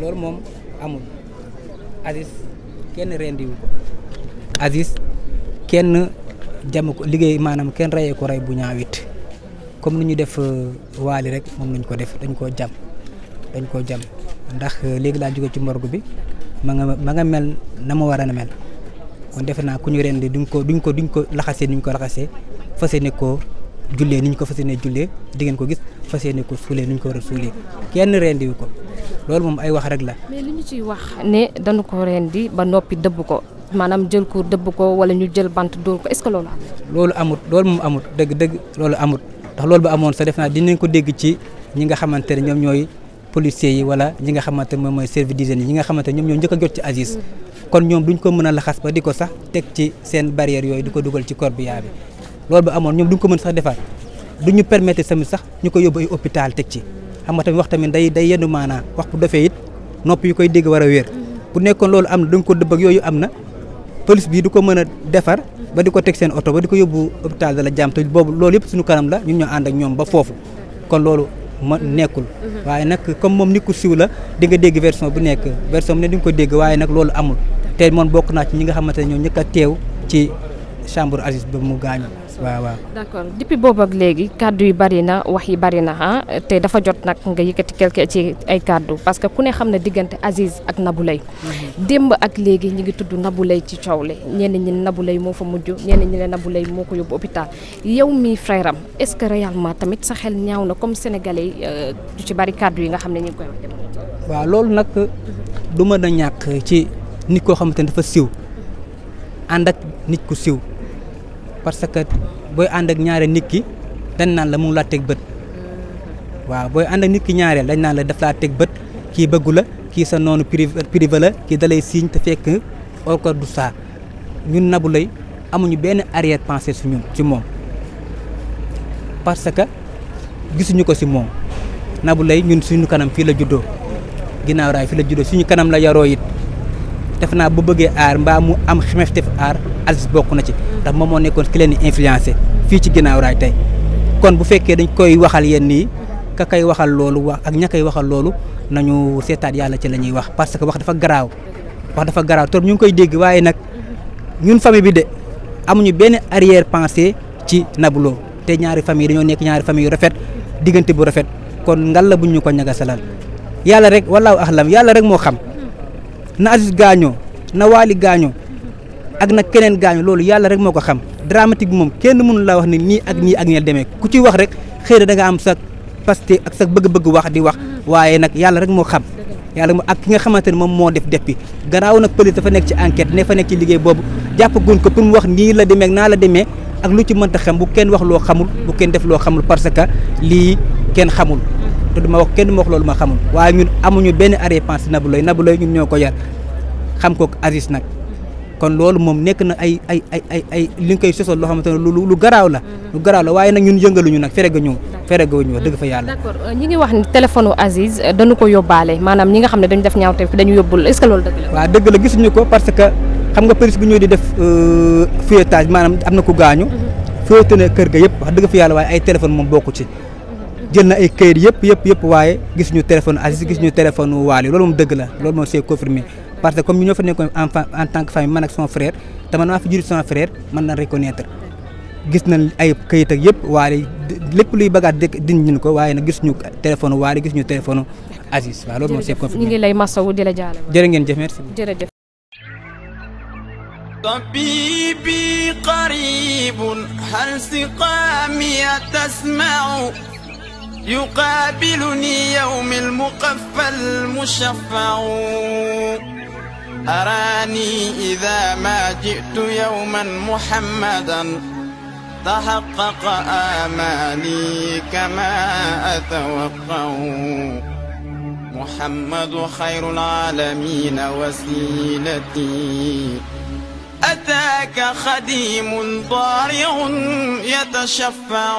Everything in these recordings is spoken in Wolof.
Lor mom amul Aziz kenn rendiwu ko Aziz kenn jam ko liggéey maanaam kenn rayee ko rey bu ñaawit comme ni def euh, waali rek ko def dañ jam dañ ko jam ndax euh, léegi laa jóge ci morgue bi ma nga ma nga mel na ma mel kon defe naa dinko dinko rendi duñ ko duñ ko duñ ko ko jullee ni ñu ko fas yéene jullee di ngeen ko gis fas yéene ko suulee ni ñu ko war a suulee kenn rendi wu ko loolu moom ay wax rek la. mais li ñu ciy wax ne dañu ko rendi ba noppi dëbb ko maanaam jël ko dëbb ko wala ñu jël bant dóor ko est-ce que loolu am. loolu amut loolu moom amut dëgg dëgg loolu amut ndax loolu ba amoon sax def naa dinañ ko dégg ci ñi nga xamante ne ñoom ñooy policiers yi wala ñi nga xamante ne moom mooy service d'hygiène yi ñi nga xamante ne ñoom ñoo njëkk a jot ci Aziz kon ñoom duñ ko mën a laxas ba di ko sax teg ci seen barrière yooyu di ko dugal ci corbillard bi loolu ba amoon ñoom duñ ko mën sax defaat du ñu permettre tamit sax ñu ko yóbbu ay hôpital teg ci xam wax tamit day day yenn maanaa wax bu defee it nopp yu koy dégg war a wér bu nekkoon loolu am na dañ ko yooyu am na police bi du ko mën a defar ba di ko teg seen oto ba di ko yóbbu hôpital Dalal boobu loolu yëpp suñu kanam la ñun ñoo ànd ak ñoom ba foofu kon loolu ma nekkul mhm. waaye nag comme moom nit ku siw la di nga dégg version bu nekk version ne di nga ko dégg waaye nag loolu amul te moon bokk naa ci ñi nga xamante ne ñoo ñëkk teew ci chambre Aziz ba mu gaañu waaw waaw d' accord boobu ak léegi kàddu yi bari na wax yi bari na ah te dafa jot nag nga yëkkati quelque ci ay kàddu parce que ku ne xam ne diggante Aziz ak nabu Naboulaye mhm. démb ak léegi ñu ngi tudd nabu Naboulaye ci coow li ñenn ñi lay moo fa mujj ñenn ñi ne Naboulaye moo ko yóbbu hôpital yow mii frère am est ce que réellement tamit sa xel ñaaw na comme sénégalais euh, du ci bari kàddu yi nga xam ne ñu ngi koy wax waaw loolu nag du mën a ñàkk ci nit koo xamante ne dafa siw ànd nit ku siw parce que booy ànd ak ñaare nit ki dañ naan la mu la teg bët waaw booy ànd ak nit ki ñaareel dañ naan la daf laa teg bët kii bëggu la ki sa noonu privé privé la kii dalay siiñ te fekk encore ñun Nabou Leye amuñu benn arrière pensée su ñun ci moom parce que gisuñu ko ci moom Nabou Leye ñun suñu kanam fii la juddoo ginnaaw raay fii la juddoo suñu kanam la yaroo it def naa bu bëggee aar mbaa mu am xemefteef aar Aziz bokk na ci ndax moom moo nekkoon ki leen di influencé fii ci ginnaaw raay tey kon bu fekkee dañ koy waxal yenn yi ka koy waxal loolu wax ak ña koy waxal loolu nañu seetaat yàlla ci la ñuy wax parce que wax dafa garaaw wax dafa garaaw trop ñu ngi koy dégg waaye nag ñun fami bi de amuñu benn arrière pensée ci Nabou loo te ñaari famille dañoo nekk ñaari famille yu rafet diggante bu rafet kon ngal la buñ ñu ko ñagasalal yàlla yàlla rek moo xam. na Aziz gaañoo na Waly gaañoo ak na keneen gaañoo loolu yàlla rek moo ko xam dramatique moom kenn mënu laa wax ne nii ak nii ak nii demee ku ci wax rek xëy na da nga am sa paste ak sa bëgg-bëgg wax di wax waaye nag yàlla rek moo xam yàlla ak ki nga xamante ne moom moo def def bi gannaaw nag police dafa nekk ci enquête ne fa nekk ci liggéey boobu jàpp guñ ko pour mu wax nii la demee naa la demee ak lu ci mënta xam bu kenn wax loo xamul bu kenn def loo xamul parce que lii kenn xamul te duma wax kenn ma wax loolu ma xamul waaye ñun amuñu benn arrière-pensée Nabou Leye Nabou Leye ñun ñoo ko yar xam ko Aziz nag kon loolu moom nekk na ay ay ay ay ay li nga koy sosal loo xamante ne lu lu garaaw la lu garaaw la waaye nag ñun yëngaluñu nag ferega ñëw ferega ñëw dëgg fa yàlla d'accord euh, ñi ngi wax ni téléphone Aziz euh, dañu ko yóbbaale maanaam ñi nga xam ne dañu def ñaaw te dañu yóbbul est-ce que loolu dëgg gisuñu ko parce que xam nga police bu ñëw di def euh, feuilletage maanaam am na ku gaañu mhm. feuilleté na kër ga yëpp wax dëgg fa yàlla waaye ay téléphone moom bokku ci jël na ay kayit yëpp yëpp yëpp waaye gis ñu téléphone Aziz gis ñu téléphone Waly loolu moom dëgg la loolu moom c'est confirmé parce que comme ñu ñoo fa nekkoon en tant que famille man ak son frère te man maa fi jur son frère mën na reconnaître gis nañ ay kayit ak yëpp lépp luy bagaat din ñu ko waaye nag gis ñu téléphone Waly gis ñu téléphone Aziz waaw loolu moom c'est confirmé ñu ngi lay di la jaale jërë ngeen jëf merci jërëjëf طبيبي قريب يقابلني يوم المقفى المشفع أراني إذا ما جئت يوما محمدا تحقق آماني كما أتوقع محمد خير العالمين وسيلتي أتاك خديم ضارع يتشفع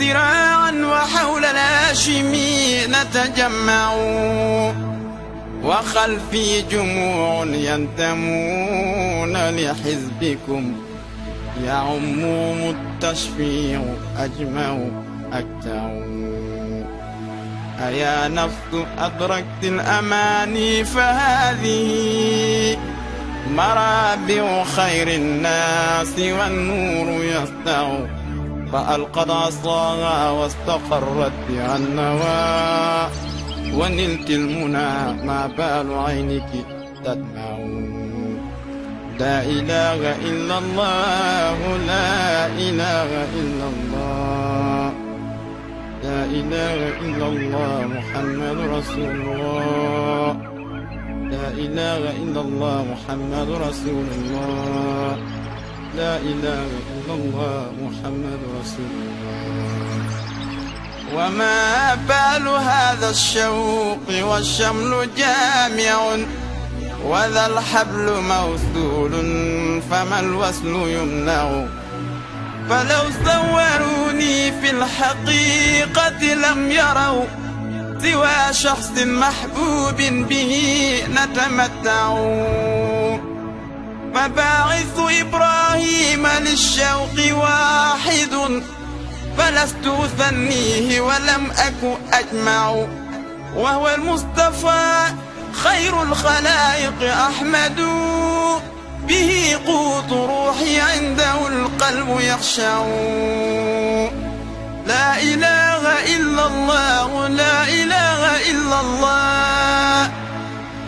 ذراعا وحول الهاشمي نتجمع وخلفي جموع ينتمون لحزبكم يعمهم التشفيع أجمع أكتع أيا نفس أدركت الأماني فهذه مرابع خير الناس والنور يسطع فألقت عصاها واستقرت بها النوى ونلت المنى ما بال عينك تدمع لا إله إلا الله لا إله إلا الله لا إله إلا الله محمد رسول الله لا إله إلا الله محمد رسول الله لا إله إلا الله محمد رسول الله وما بال هذا الشوق والشمل جامع وذا الحبل موصول فما الوصل يمنع فلو صوروني في الحقيقة لم يروا سوى شخص محبوب به نتمتع مباعث إبراهيم للشوق واحد فلست أثنيه ولم أك أجمع وهو المصطفى خير الخلائق أحمد به قوت روحي عنده القلب يخشع لا إله إلا الله لا إله إلا الله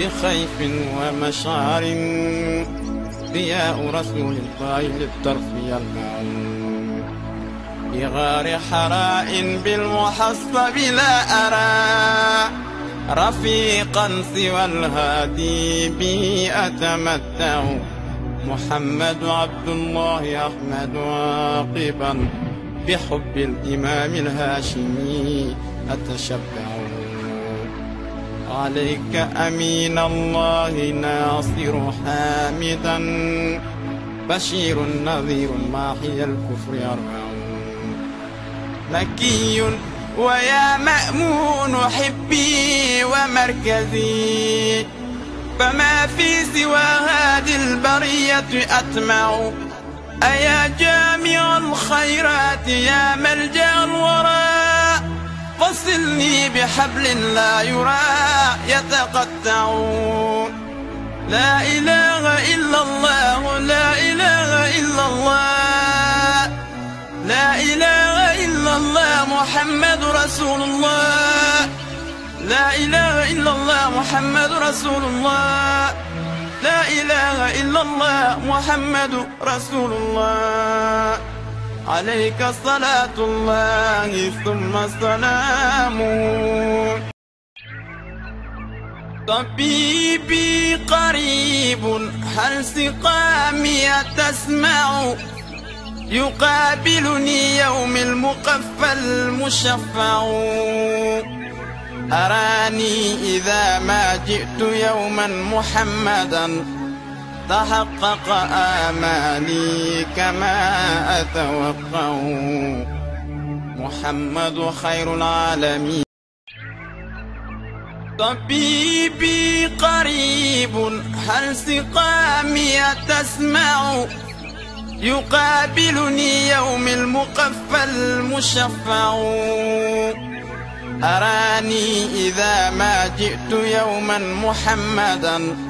بخيف ومشعر ضياء رسول الله للطرف يرمعون بغار حراء بالمحصب لا أرى رفيقا سوى الهادي به أتمتع محمد عبد الله أحمد عاقبا بحب الإمام الهاشمي أتشبع عليك أمين الله ناصر حامدا بشير نذير ماحي الكفر أربع مكي ويا مأمون حبي ومركزي فما في سوى هذه البرية أتمع أيا جامع الخيرات يا ملجأ الورى أوصلني بحبل لا يرى يتقطعون لا إله إلا الله لا إله إلا الله لا إله إلا الله محمد رسول الله لا إله إلا الله محمد رسول الله لا إله إلا الله محمد رسول الله عليك صلاة الله ثم السلام طبيبي قريب هل سقامي تسمع يقابلني يوم المقفى المشفع أراني إذا ما جئت يوما محمدا تحقق آمالي كما أتوقع محمد خير العالمين طبيبي قريب هل سقامي تسمع يقابلني يوم المقفى المشفع أراني إذا ما جئت يوما محمدا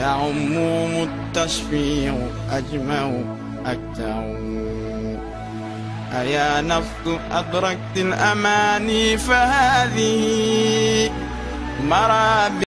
عموم التشفيع أجمع اكثر أيا نفس أدركت الأماني فهذه مرابي